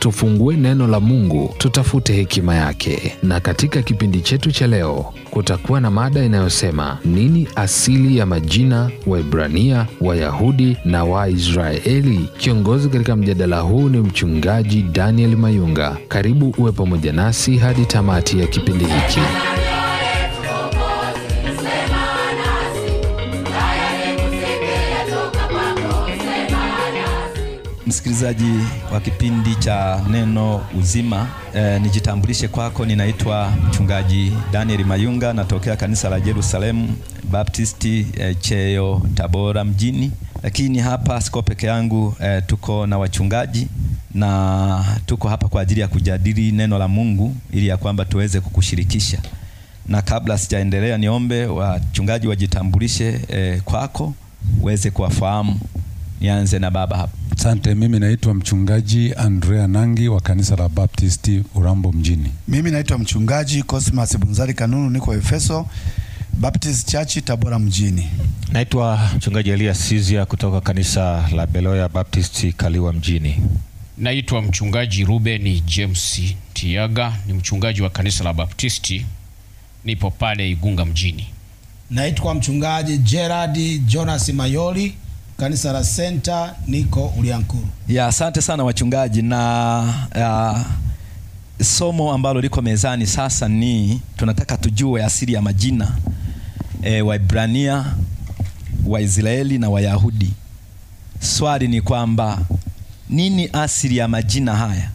tufungue neno la Mungu, tutafute hekima yake. Na katika kipindi chetu cha leo kutakuwa na mada inayosema nini asili ya majina Waibrania, Wayahudi na Waisraeli. Kiongozi katika mjadala huu ni mchungaji Daniel Mayunga. Karibu uwe pamoja nasi hadi tamati ya kipindi hiki. msikilizaji wa kipindi cha Neno Uzima. E, nijitambulishe kwako, ninaitwa Mchungaji Daniel Mayunga, natokea kanisa la Jerusalemu Baptisti e, eh, Cheyo Tabora mjini, lakini hapa siko peke yangu e, tuko na wachungaji na tuko hapa kwa ajili ya kujadili neno la Mungu ili ya kwamba tuweze kukushirikisha. Na kabla sijaendelea, niombe wachungaji wajitambulishe e, kwako uweze kuwafahamu Nianze na baba hapa. Asante, mimi naitwa mchungaji Andrea Nangi wa kanisa la Baptisti Urambo mjini. Mimi naitwa mchungaji Cosmas Bunzari Kanunu, niko Efeso Baptist Church Tabora mjini. Naitwa mchungaji Elia Sizia kutoka kanisa la Beloya Baptist Kaliwa mjini. Naitwa mchungaji Ruben James Tiaga, ni mchungaji wa kanisa la Baptisti, nipo pale Igunga mjini. Naitwa mchungaji Gerard Jonas Mayoli kanisa la Center niko Uliankuru. Ya, asante sana wachungaji na ya, somo ambalo liko mezani sasa ni tunataka tujue asili ya majina e, Waibrania, Waisraeli na Wayahudi. Swali ni kwamba nini asili ya majina haya?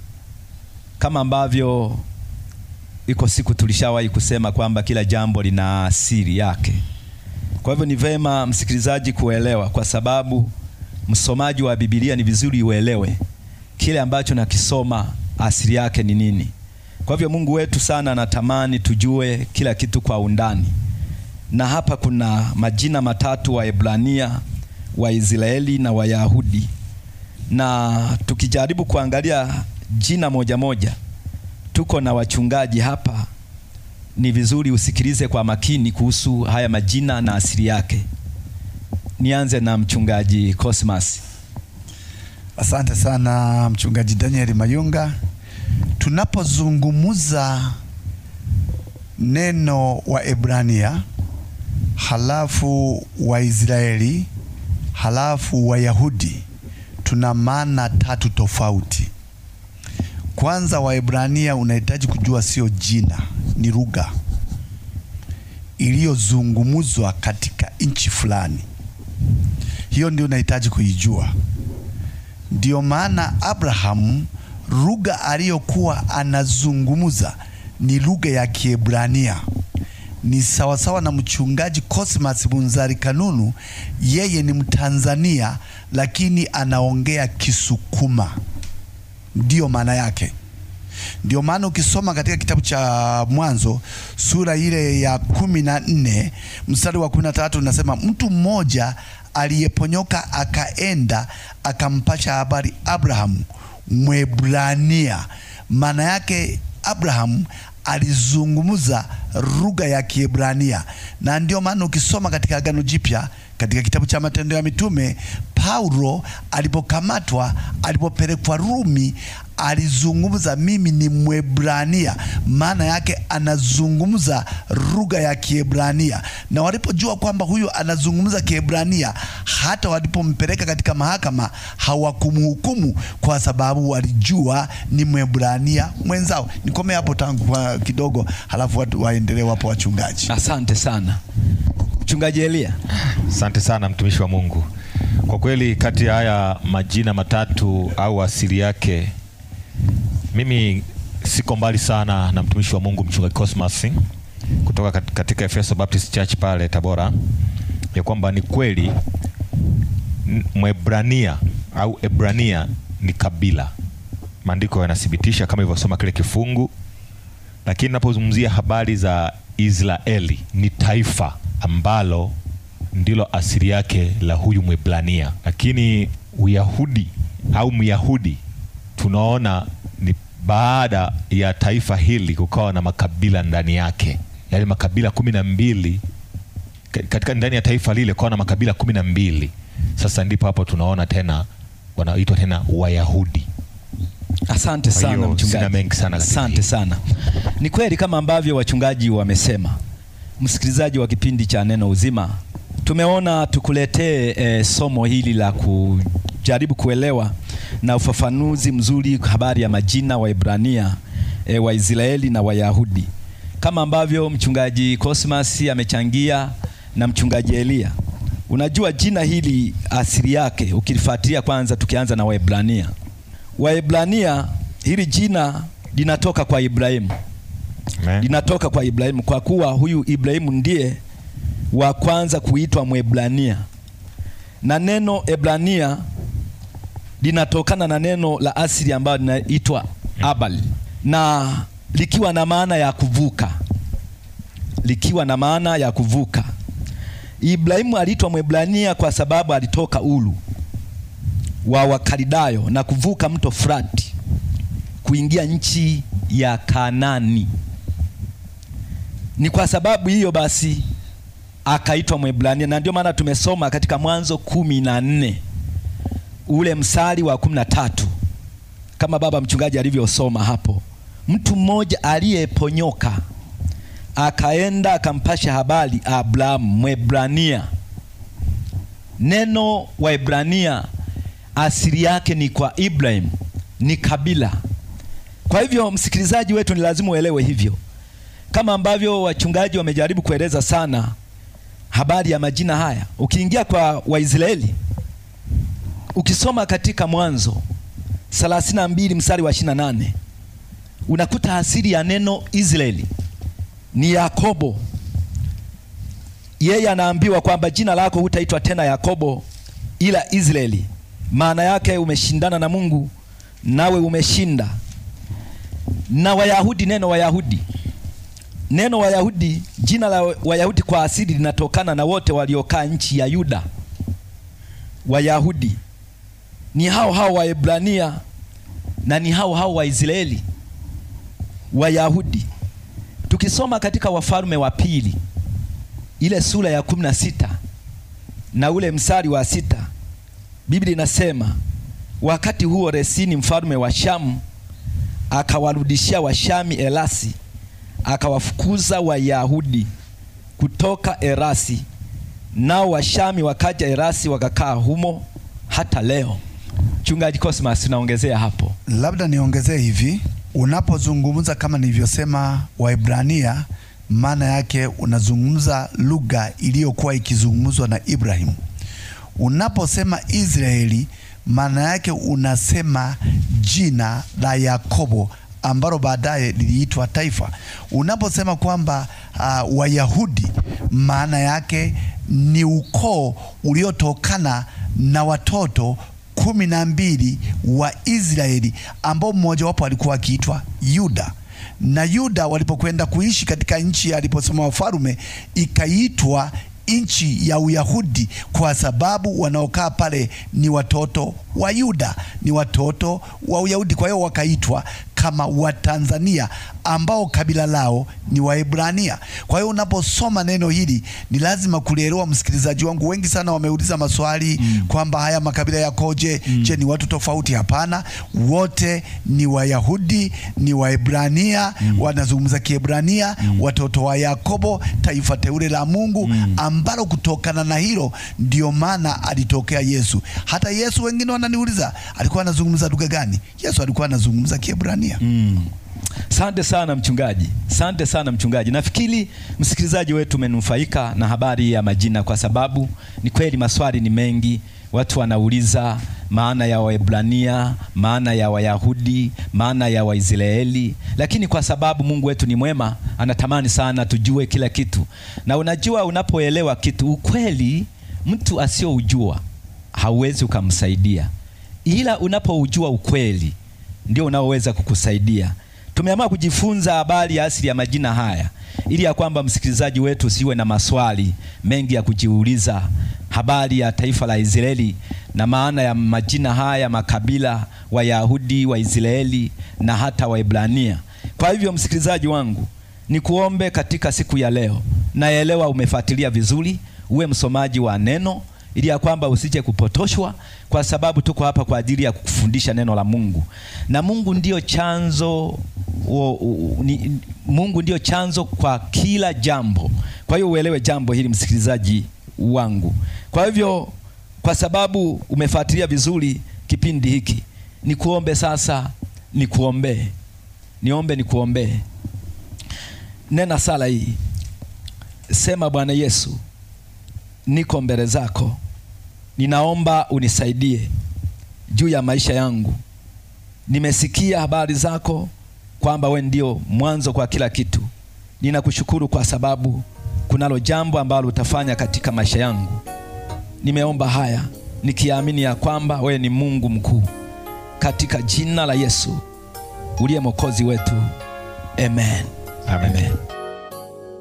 Kama ambavyo iko siku tulishawahi kusema kwamba kila jambo lina asili yake. Kwa hivyo ni vema msikilizaji kuelewa, kwa sababu msomaji wa Biblia ni vizuri uelewe kile ambacho nakisoma asili yake ni nini. Kwa hivyo Mungu wetu sana anatamani tujue kila kitu kwa undani, na hapa kuna majina matatu: Waebrania, Waisraeli na Wayahudi. Na tukijaribu kuangalia jina moja moja, tuko na wachungaji hapa ni vizuri usikilize kwa makini kuhusu haya majina na asili yake. Nianze na mchungaji Cosmas. Asante sana mchungaji Daniel Mayunga. Tunapozungumza neno wa ebrania halafu Waisraeli halafu Wayahudi, tuna maana tatu tofauti. Kwanza Waebrania unahitaji kujua sio jina, ni lugha iliyozungumzwa katika nchi fulani. Hiyo ndio unahitaji kuijua. Ndiyo maana Abrahamu lugha aliyokuwa anazungumza ni lugha ya Kiebrania. Ni sawasawa na mchungaji Cosmas Bunzari Kanunu, yeye ni Mtanzania lakini anaongea Kisukuma ndiyo maana yake. Ndio maana ukisoma katika kitabu cha Mwanzo sura ile ya kumi na nne mstari wa kumi na tatu unasema mtu mmoja aliyeponyoka akaenda akampasha habari Abrahamu Mwebrania. Maana yake Abrahamu alizungumza lugha ya Kiebrania, na ndio maana ukisoma katika Agano Jipya katika kitabu cha Matendo ya Mitume Paulo alipokamatwa, alipopelekwa Rumi, alizungumza mimi ni Mwebrania, maana yake anazungumza lugha ya Kiebrania. Na walipojua kwamba huyu anazungumza Kiebrania, hata walipompeleka katika mahakama hawakumhukumu kwa sababu walijua ni Mwebrania mwenzao. Nikome hapo tangu kwa kidogo, halafu watu waendelee. Wapo wachungaji. Asante sana Mchungaji Elia. Asante sana mtumishi wa Mungu. Kwa kweli kati ya haya majina matatu au asili yake, mimi siko mbali sana na mtumishi wa Mungu mchungaji Cosmas kutoka katika Efeso Baptist Church pale Tabora, ya kwamba ni kweli Mwebrania au Ebrania ni kabila, maandiko yanathibitisha kama ilivyosoma kile kifungu, lakini napozungumzia habari za Israeli ni taifa ambalo ndilo asili yake la huyu Mwibrania, lakini Uyahudi au Myahudi tunaona ni baada ya taifa hili kukawa na makabila ndani yake, yale yaani makabila kumi na mbili katika ndani ya taifa lile kukawa na makabila kumi na mbili. Sasa ndipo hapo tunaona tena wanaitwa tena Wayahudi. Asante sana mchungaji. Sina mengi sana. Asante sana. Ni kweli kama ambavyo wachungaji wamesema. Msikilizaji wa kipindi cha Neno Uzima tumeona tukuletee e, somo hili la kujaribu kuelewa na ufafanuzi mzuri habari ya majina Waibrania e, eh, Waisraeli na Wayahudi kama ambavyo mchungaji Cosmas amechangia na mchungaji Elia. Unajua jina hili asili yake ukilifuatilia, kwanza tukianza na Waebrania. Waebrania hili jina linatoka kwa Ibrahimu, linatoka kwa Ibrahimu kwa kuwa huyu Ibrahimu ndiye wa kwanza kuitwa Mwebrania, na neno Ebrania linatokana na neno la asili ambalo linaitwa abal na likiwa na maana ya kuvuka, likiwa na maana ya kuvuka. Ibrahimu aliitwa Mwebrania kwa sababu alitoka ulu wa Wakalidayo na kuvuka mto Frati kuingia nchi ya Kanani. Ni kwa sababu hiyo basi akaitwa Mwebrania, na ndio maana tumesoma katika Mwanzo kumi na nne ule msali wa kumi na tatu kama baba mchungaji alivyosoma hapo, mtu mmoja aliyeponyoka akaenda akampasha habari Abrahamu Mwebrania. Neno Waebrania asili yake ni kwa Ibrahim, ni kabila. Kwa hivyo, msikilizaji wetu, ni lazima uelewe hivyo, kama ambavyo wachungaji wamejaribu kueleza sana habari ya majina haya. Ukiingia kwa Waisraeli, ukisoma katika Mwanzo 32 mstari wa 28 unakuta asili ya neno Israeli ni Yakobo. Yeye anaambiwa kwamba jina lako hutaitwa tena Yakobo ila Israeli, maana yake umeshindana na Mungu nawe umeshinda. Na Wayahudi, neno Wayahudi Neno Wayahudi, jina la Wayahudi kwa asili linatokana na wote waliokaa nchi ya Yuda. Wayahudi ni hao hao Waebrania na ni hao hao Waisraeli. Wayahudi tukisoma katika Wafalme wa Pili ile sura ya kumi na sita na ule msari wa sita Biblia inasema wakati huo Resini mfalme wa Shamu akawarudishia Washami Elasi akawafukuza Wayahudi kutoka Erasi, nao Washami wakaja Erasi wakakaa humo hata leo. Mchungaji Cosmas, unaongezea hapo? Labda niongezee hivi, unapozungumza kama nilivyosema waibrania maana yake unazungumza lugha iliyokuwa ikizungumzwa na Ibrahimu. Unaposema Israeli, maana yake unasema jina la Yakobo ambalo baadaye liliitwa taifa. Unaposema kwamba uh, Wayahudi maana yake ni ukoo uliotokana na watoto kumi na mbili wa Israeli ambao mmoja wapo alikuwa akiitwa Yuda na Yuda walipokwenda kuishi katika nchi aliposoma wafalume ikaitwa nchi ya Uyahudi kwa sababu wanaokaa pale ni watoto Wayuda ni watoto wa Uyahudi, kwa hiyo wakaitwa kama Watanzania ambao kabila lao ni Waebrania. Kwa hiyo unaposoma neno hili ni lazima kulielewa. Msikilizaji wangu, wengi sana wameuliza maswali mm. kwamba haya makabila yakoje? mm. Je, ni watu tofauti? Hapana, wote ni Wayahudi, ni Waebrania mm. wanazungumza Kiebrania mm. watoto wa Yakobo, taifa teule la Mungu mm. ambalo kutokana na hilo ndio maana alitokea Yesu. Hata Yesu wengine wana unaniuliza alikuwa anazungumza lugha gani? Yesu alikuwa anazungumza Kiebrania. Mm. Sante sana mchungaji, sante sana mchungaji. Nafikiri msikilizaji wetu umenufaika na habari ya majina, kwa sababu ni kweli maswali ni mengi, watu wanauliza maana ya Waebrania, maana ya Wayahudi, maana ya Waisraeli, lakini kwa sababu Mungu wetu ni mwema, anatamani sana tujue kila kitu. Na unajua, unapoelewa kitu ukweli, mtu asioujua hauwezi ukamsaidia ila unapoujua ukweli ndio unaoweza kukusaidia. Tumeamua kujifunza habari ya asili ya majina haya ili ya kwamba msikilizaji wetu siwe na maswali mengi ya kujiuliza habari ya taifa la Israeli na maana ya majina haya, makabila Wayahudi, Waisraeli na hata Waebrania. Kwa hivyo, msikilizaji wangu, nikuombe katika siku ya leo, naelewa umefuatilia vizuri, uwe msomaji wa neno ili ya kwamba usije kupotoshwa, kwa sababu tuko hapa kwa ajili ya kukufundisha neno la Mungu, na Mungu ndio chanzo u, u, ni, Mungu ndio chanzo kwa kila jambo. Kwa hiyo uelewe jambo hili msikilizaji wangu. Kwa hivyo, kwa sababu umefuatilia vizuri kipindi hiki, nikuombe sasa, nikuombee, niombe, nikuombee. Nena sala hii, sema: Bwana Yesu niko mbele zako, ninaomba unisaidie juu ya maisha yangu. Nimesikia habari zako kwamba we ndio mwanzo kwa kila kitu. Ninakushukuru kwa sababu kunalo jambo ambalo utafanya katika maisha yangu. Nimeomba haya nikiamini ya kwamba we ni Mungu mkuu, katika jina la Yesu uliye mwokozi wetu, amen, amen. amen.